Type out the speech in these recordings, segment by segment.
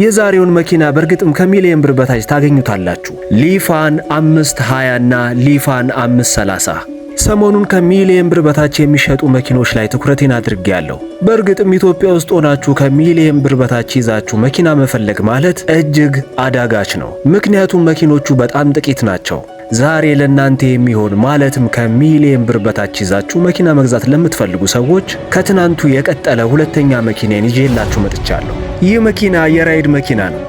የዛሬውን መኪና በእርግጥም ከሚሊየን ብር በታች ታገኙታላችሁ። ሊፋን 520 እና ሊፋን 530 ሰሞኑን ከሚሊየን ብር በታች የሚሸጡ መኪኖች ላይ ትኩረቴን አድርጌያለሁ። በእርግጥም ኢትዮጵያ ውስጥ ሆናችሁ ከሚሊየን ብር በታች ይዛችሁ መኪና መፈለግ ማለት እጅግ አዳጋች ነው። ምክንያቱም መኪኖቹ በጣም ጥቂት ናቸው። ዛሬ ለእናንተ የሚሆን ማለትም ከሚሊየን ብር በታች ይዛችሁ መኪና መግዛት ለምትፈልጉ ሰዎች ከትናንቱ የቀጠለ ሁለተኛ መኪናን ይዤላችሁ መጥቻለሁ። ይህ መኪና የራይድ መኪና ነው።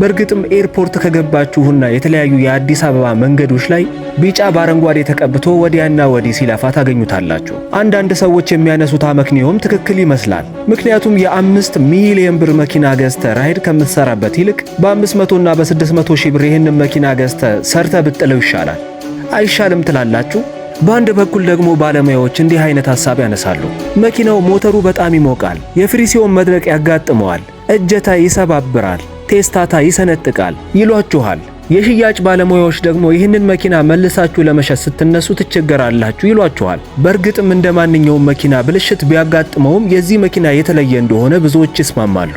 በእርግጥም ኤርፖርት ከገባችሁና የተለያዩ የአዲስ አበባ መንገዶች ላይ ቢጫ በአረንጓዴ ተቀብቶ ወዲያና ወዲህ ሲለፋ ታገኙታላችሁ። አንዳንድ ሰዎች የሚያነሱት አመክንዮም ትክክል ይመስላል። ምክንያቱም የአምስት ሚሊየን ብር መኪና ገዝተ ራይድ ከምትሰራበት ይልቅ በ500ና በ600 ሺህ ብር ይህንን መኪና ገዝተ ሰርተ ብጥለው ይሻላል። አይሻልም ትላላችሁ። በአንድ በኩል ደግሞ ባለሙያዎች እንዲህ አይነት ሐሳብ ያነሳሉ። መኪናው ሞተሩ በጣም ይሞቃል፣ የፍሪሲዮን መድረቅ ያጋጥመዋል እጀታ ይሰባብራል፣ ቴስታታ ይሰነጥቃል ይሏችኋል። የሽያጭ ባለሙያዎች ደግሞ ይህንን መኪና መልሳችሁ ለመሸጥ ስትነሱ ትቸገራላችሁ ይሏችኋል። በእርግጥም እንደ ማንኛውም መኪና ብልሽት ቢያጋጥመውም የዚህ መኪና የተለየ እንደሆነ ብዙዎች ይስማማሉ።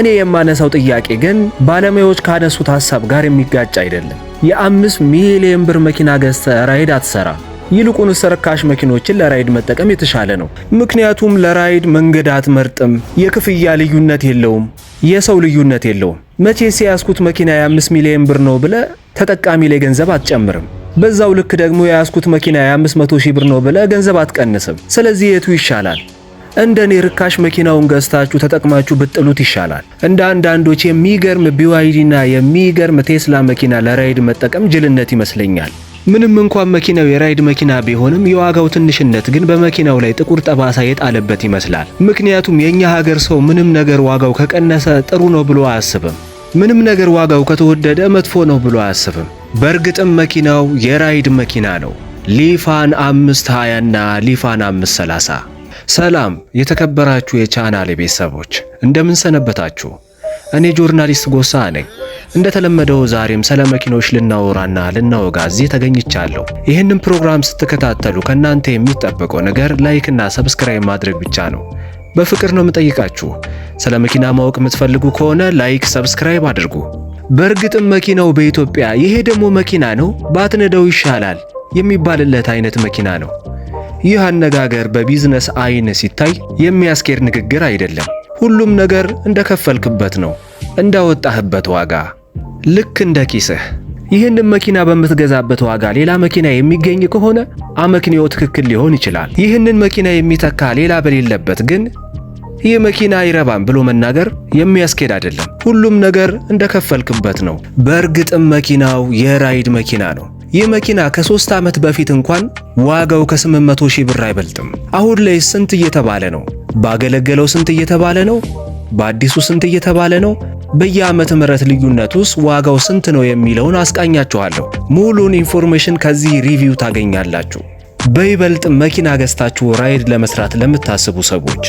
እኔ የማነሳው ጥያቄ ግን ባለሙያዎች ካነሱት ሐሳብ ጋር የሚጋጭ አይደለም። የአምስት ሚሊየን ብር መኪና ገዝተ ራይድ አትሰራ ይልቁንስ ርካሽ መኪኖችን ለራይድ መጠቀም የተሻለ ነው። ምክንያቱም ለራይድ መንገድ አትመርጥም፣ የክፍያ ልዩነት የለውም፣ የሰው ልዩነት የለውም። መቼ ሲያስኩት መኪና የ5 ሚሊዮን ብር ነው ብለ ተጠቃሚ ላይ ገንዘብ አትጨምርም። በዛው ልክ ደግሞ የያዝኩት መኪና የ500 ሺህ ብር ነው ብለ ገንዘብ አትቀንስም። ስለዚህ የቱ ይሻላል? እንደ እኔ ርካሽ መኪናውን ገዝታችሁ ተጠቅማችሁ ብጥሉት ይሻላል። እንደ አንዳንዶች የሚገርም ቢዋይዲና የሚገርም ቴስላ መኪና ለራይድ መጠቀም ጅልነት ይመስለኛል። ምንም እንኳን መኪናው የራይድ መኪና ቢሆንም የዋጋው ትንሽነት ግን በመኪናው ላይ ጥቁር ጠባሳ የጣለበት ይመስላል። ምክንያቱም የእኛ ሀገር ሰው ምንም ነገር ዋጋው ከቀነሰ ጥሩ ነው ብሎ አያስብም። ምንም ነገር ዋጋው ከተወደደ መጥፎ ነው ብሎ አያስብም። በእርግጥም መኪናው የራይድ መኪና ነው። ሊፋን 520 እና ሊፋን 530። ሰላም የተከበራችሁ የቻናሌ ቤተሰቦች እንደምን ሰነበታችሁ? እኔ ጆርናሊስት ጎሳ ነኝ። እንደተለመደው ዛሬም ስለ መኪኖች ልናወራና ልናወጋ እዚህ ተገኝቻለሁ። ይህንን ፕሮግራም ስትከታተሉ ከእናንተ የሚጠበቀው ነገር ላይክና ሰብስክራይብ ማድረግ ብቻ ነው። በፍቅር ነው የምጠይቃችሁ። ስለ መኪና ማወቅ የምትፈልጉ ከሆነ ላይክ፣ ሰብስክራይብ አድርጉ። በእርግጥም መኪናው በኢትዮጵያ ይሄ ደግሞ መኪና ነው ባትነደው ይሻላል የሚባልለት አይነት መኪና ነው። ይህ አነጋገር በቢዝነስ አይን ሲታይ የሚያስኬድ ንግግር አይደለም። ሁሉም ነገር እንደከፈልክበት ነው፣ እንዳወጣህበት ዋጋ ልክ እንደ ኪስህ። ይህንን መኪና በምትገዛበት ዋጋ ሌላ መኪና የሚገኝ ከሆነ አመክንዮ ትክክል ሊሆን ይችላል። ይህንን መኪና የሚተካ ሌላ በሌለበት ግን ይህ መኪና አይረባም ብሎ መናገር የሚያስኬድ አይደለም። ሁሉም ነገር እንደከፈልክበት ነው። በእርግጥም መኪናው የራይድ መኪና ነው። ይህ መኪና ከሶስት ዓመት በፊት እንኳን ዋጋው ከ800 ሺህ ብር አይበልጥም። አሁን ላይ ስንት እየተባለ ነው? ባገለገለው ስንት እየተባለ ነው? በአዲሱ ስንት እየተባለ ነው? በየዓመተ ምህረት ልዩነት ውስጥ ዋጋው ስንት ነው የሚለውን አስቃኛችኋለሁ። ሙሉን ኢንፎርሜሽን ከዚህ ሪቪው ታገኛላችሁ። በይበልጥ መኪና ገዝታችሁ ራይድ ለመስራት ለምታስቡ ሰዎች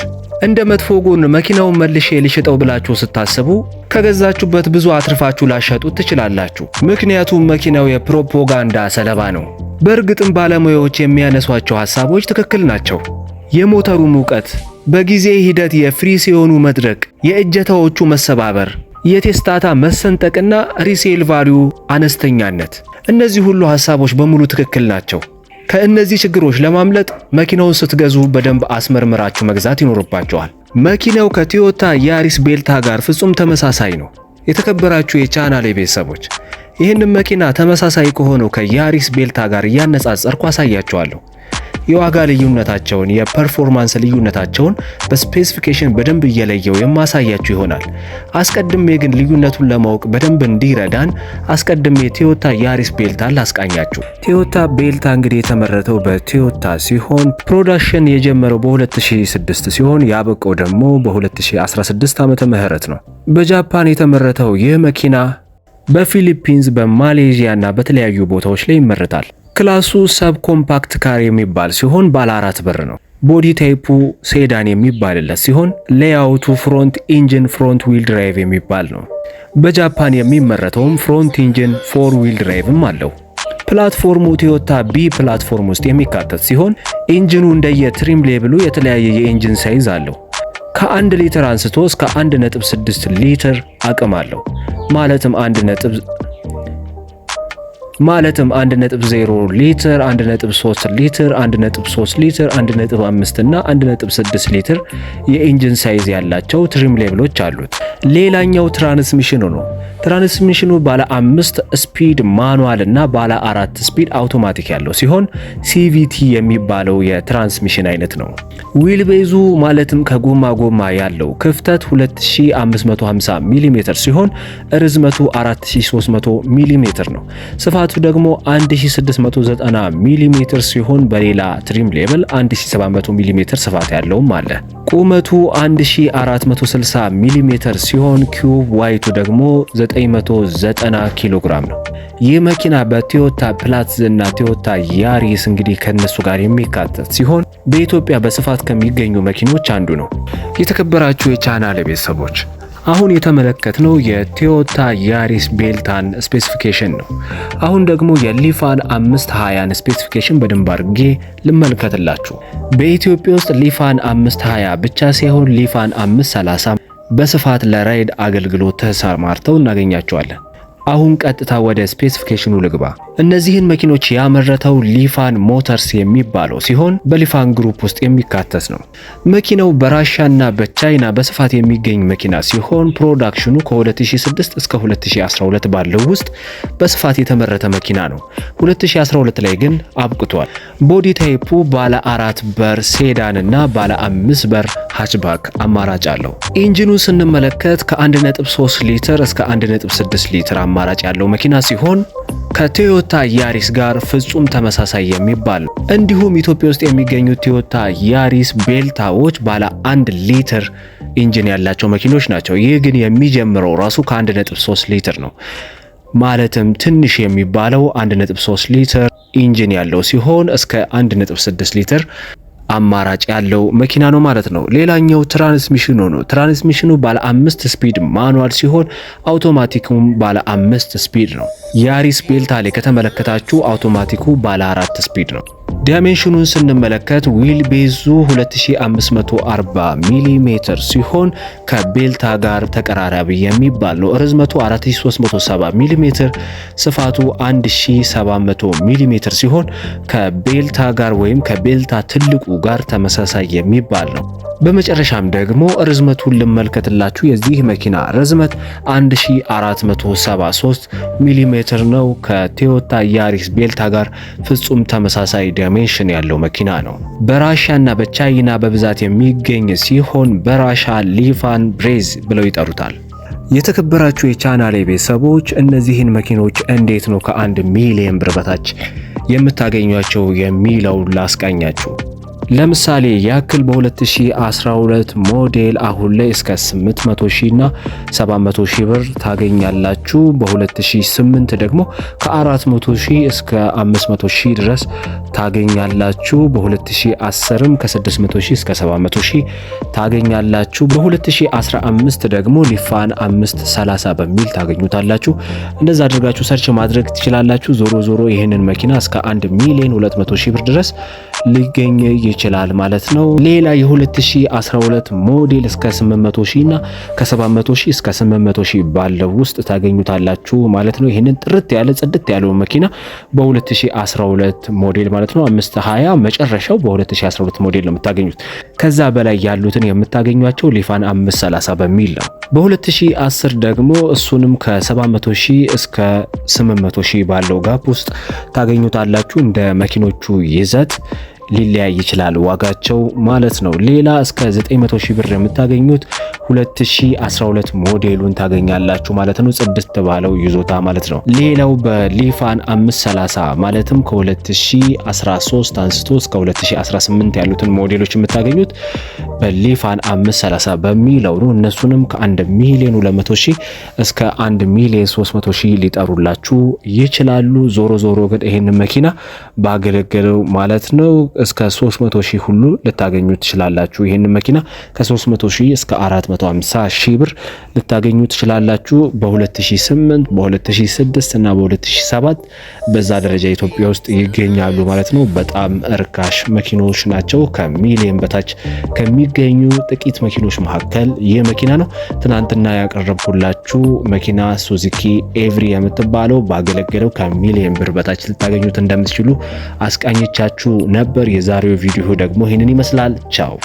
እንደ መጥፎ ጎን መኪናውን መልሼ ልሽጠው ብላችሁ ስታስቡ ከገዛችሁበት ብዙ አትርፋችሁ ላሸጡት ትችላላችሁ። ምክንያቱም መኪናው የፕሮፖጋንዳ ሰለባ ነው። በእርግጥም ባለሙያዎች የሚያነሷቸው ሐሳቦች ትክክል ናቸው። የሞተሩ ሙቀት በጊዜ ሂደት የፍሪ ሲሆኑ መድረቅ፣ የእጀታዎቹ መሰባበር የቴስታታ መሰንጠቅና ሪሴል ቫሊዩ አነስተኛነት፣ እነዚህ ሁሉ ሐሳቦች በሙሉ ትክክል ናቸው። ከእነዚህ ችግሮች ለማምለጥ መኪናውን ስትገዙ በደንብ አስመርምራችሁ መግዛት ይኖርባቸዋል። መኪናው ከቶዮታ ያሪስ ቤልታ ጋር ፍጹም ተመሳሳይ ነው። የተከበራችሁ የቻናሌ ቤተሰቦች ይህንም መኪና ተመሳሳይ ከሆነው ከያሪስ ቤልታ ጋር እያነጻጸርኩ አሳያችኋለሁ። የዋጋ ልዩነታቸውን፣ የፐርፎርማንስ ልዩነታቸውን በስፔሲፊኬሽን በደንብ እየለየው የማሳያችሁ ይሆናል። አስቀድሜ ግን ልዩነቱን ለማወቅ በደንብ እንዲረዳን አስቀድሜ ቶዮታ ያሪስ ቤልታ ላስቃኛችሁ። ቶዮታ ቤልታ እንግዲህ የተመረተው በቶዮታ ሲሆን ፕሮዳክሽን የጀመረው በ2006 ሲሆን ያበቀው ደግሞ በ2016 ዓመተ ምህረት ነው። በጃፓን የተመረተው ይህ መኪና በፊሊፒንስ በማሌዥያ እና በተለያዩ ቦታዎች ላይ ይመረታል። ክላሱ ሰብ ኮምፓክት ካር የሚባል ሲሆን ባለ አራት በር ነው። ቦዲ ታይፑ ሴዳን የሚባልለት ሲሆን ሌያውቱ ፍሮንት ኢንጂን ፍሮንት ዊል ድራይቭ የሚባል ነው። በጃፓን የሚመረተውም ፍሮንት ኢንጂን ፎር ዊል ድራይቭም አለው። ፕላትፎርሙ ቶዮታ ቢ ፕላትፎርም ውስጥ የሚካተት ሲሆን ኢንጂኑ እንደየ ትሪም ሌብሉ የተለያየ የኢንጂን ሳይዝ አለው። ከ1 ሊትር አንስቶ እስከ 1.6 ሊትር አቅም አለው ማለትም ማለትም 1.0 ሊትር፣ 1.3 ሊትር፣ 1.3 ሊትር፣ 1.5 እና 1.6 ሊትር የኢንጂን ሳይዝ ያላቸው ትሪም ሌብሎች አሉት። ሌላኛው ትራንስሚሽኑ ነው። ትራንስሚሽኑ ባለ አምስት ስፒድ ማኑዋል እና ባለ አራት ስፒድ አውቶማቲክ ያለው ሲሆን ሲቪቲ የሚባለው የትራንስሚሽን አይነት ነው። ዊል ቤዙ ማለትም ከጎማ ጎማ ያለው ክፍተት 2550 ሚሜ ሲሆን ርዝመቱ 4300 ሚሜ ነው። ስፋቱ ቁመቱ ደግሞ 1690 ሚሜ ሲሆን በሌላ ትሪም ሌብል 1700 ሚሜ ስፋት ያለውም አለ። ቁመቱ 1460 ሚሜ ሲሆን ኪዩብ ዋይቱ ደግሞ 990 ኪሎ ግራም ነው። ይህ መኪና በቶዮታ ፕላትዝ እና ቶዮታ ያሪስ እንግዲህ ከነሱ ጋር የሚካተት ሲሆን በኢትዮጵያ በስፋት ከሚገኙ መኪኖች አንዱ ነው። የተከበራችሁ የቻናል ቤተሰቦች አሁን የተመለከትነው የቶዮታ ያሪስ ቤልታን ስፔሲፊኬሽን ነው። አሁን ደግሞ የሊፋን 520ን ስፔሲፊኬሽን በደንብ አድርጌ ልመልከትላችሁ። በኢትዮጵያ ውስጥ ሊፋን 520 ብቻ ሳይሆን ሊፋን 530 በስፋት ለራይድ አገልግሎት ተሰማርተው እናገኛቸዋለን። አሁን ቀጥታ ወደ ስፔሲፊኬሽኑ ልግባ። እነዚህን መኪኖች ያመረተው ሊፋን ሞተርስ የሚባለው ሲሆን በሊፋን ግሩፕ ውስጥ የሚካተት ነው። መኪናው በራሻና በቻይና በስፋት የሚገኝ መኪና ሲሆን ፕሮዳክሽኑ ከ2006 እስከ 2012 ባለው ውስጥ በስፋት የተመረተ መኪና ነው። 2012 ላይ ግን አብቅቷል። ቦዲ ታይፑ ባለ አራት በር ሴዳን እና ባለ አምስት በር ሃችባክ አማራጭ አለው። ኢንጂኑ ስንመለከት ከ1.3 ሊትር እስከ 1.6 ሊትር አማራጭ አማራጭ ያለው መኪና ሲሆን ከቶዮታ ያሪስ ጋር ፍጹም ተመሳሳይ የሚባል እንዲሁም ኢትዮጵያ ውስጥ የሚገኙት ቶዮታ ያሪስ ቤልታዎች ባለ አንድ ሊትር ኢንጂን ያላቸው መኪኖች ናቸው። ይህ ግን የሚጀምረው ራሱ ከ1.3 ሊትር ነው። ማለትም ትንሽ የሚባለው 1.3 ሊትር ኢንጂን ያለው ሲሆን እስከ 1.6 ሊትር አማራጭ ያለው መኪና ነው ማለት ነው። ሌላኛው ትራንስሚሽኑ ነው። ትራንስሚሽኑ ባለ አምስት ስፒድ ማኑዋል ሲሆን አውቶማቲኩም ባለ አምስት ስፒድ ነው። ያሪስ ቤልታ ላይ ከተመለከታችሁ አውቶማቲኩ ባለ አራት ስፒድ ነው። ዳይሜንሽኑን ስንመለከት ዊል ቤዙ 2540 ሚሜ ሲሆን ከቤልታ ጋር ተቀራራቢ የሚባል ነው። ርዝመቱ 4370 ሚሜ፣ ስፋቱ 1700 ሚሜ ሲሆን ከቤልታ ጋር ወይም ከቤልታ ትልቁ ጋር ተመሳሳይ የሚባል ነው። በመጨረሻም ደግሞ ርዝመቱን ልመልከትላችሁ። የዚህ መኪና ርዝመት 1473 ሚሜ ነው። ከቶዮታ ያሪስ ቤልታ ጋር ፍጹም ተመሳሳይ ዳይሜንሽን ያለው መኪና ነው። በራሽያና በቻይና በብዛት የሚገኝ ሲሆን በራሻ ሊፋን ብሬዝ ብለው ይጠሩታል። የተከበራችሁ የቻናሌ ቤተሰቦች እነዚህን መኪኖች እንዴት ነው ከአንድ ሚሊየን ብር በታች የምታገኟቸው የሚለውን ላስቃኛችሁ። ለምሳሌ ያክል በ2012 ሞዴል አሁን ላይ እስከ 800 ሺህ እና 700 ሺህ ብር ታገኛላችሁ። በ2008 ደግሞ ከ400 ሺህ እስከ 500 ሺህ ድረስ ታገኛላችሁ። በ2010ም ከ600 ሺህ እስከ 700 ሺህ ታገኛላችሁ። በ2015 ደግሞ ሊፋን 530 በሚል ታገኙታላችሁ። እንደዛ አድርጋችሁ ሰርች ማድረግ ትችላላችሁ። ዞሮ ዞሮ ይህንን መኪና እስከ 1 ሚሊዮን 200 ሺህ ብር ድረስ ሊገኝ ይችላል ማለት ነው። ሌላ የ2012 ሞዴል እስከ 800 ሺህ እና ከ700 ሺህ እስከ 800 ሺህ ባለው ውስጥ ታገኙታላችሁ ማለት ነው። ይህንን ጥርት ያለ ጽድት ያለው መኪና በ2012 ሞዴል ማለት ነው 520 መጨረሻው በ2012 ሞዴል ነው የምታገኙት። ከዛ በላይ ያሉትን የምታገኟቸው ሊፋን 530 በሚል ነው። በ2010 ደግሞ እሱንም ከ700 ሺህ እስከ 800 ሺህ ባለው ጋፕ ውስጥ ታገኙታላችሁ እንደ መኪኖቹ ይዘት ሊለያይ ይችላል ዋጋቸው ማለት ነው። ሌላ እስከ 900 ሺህ ብር የምታገኙት 2012 ሞዴሉን ታገኛላችሁ ማለት ነው። ጽድስት ባለው ይዞታ ማለት ነው። ሌላው በሊፋን 530 ማለትም ከ2013 አንስቶ እስከ 2018 ያሉትን ሞዴሎች የምታገኙት በሊፋን 530 በሚለው ነው። እነሱንም ከ1 ሚሊዮን 200 ሺህ እስከ 1 ሚሊዮን 300 ሺህ ሊጠሩላችሁ ይችላሉ። ዞሮ ዞሮ ግን ይህንን መኪና ባገለገለው ማለት ነው እስከ 300 ሺህ ሁሉ ልታገኙ ትችላላችሁ። ይህን መኪና ከ300 ሺህ እስከ 450 ሺህ ብር ልታገኙ ትችላላችሁ። በ2008 በ2006 እና በ2007 በዛ ደረጃ ኢትዮጵያ ውስጥ ይገኛሉ ማለት ነው። በጣም እርካሽ መኪኖች ናቸው። ከሚሊየን በታች ከሚገኙ ጥቂት መኪኖች መካከል ይህ መኪና ነው። ትናንትና ያቀረብኩላችሁ መኪና ሱዚኪ ኤቭሪ የምትባለው ባገለገለው ከሚሊየን ብር በታች ልታገኙት እንደምትችሉ አስቃኝቻችሁ ነበር። የዛሬው ቪዲዮ ደግሞ ይህንን ይመስላል። ቻው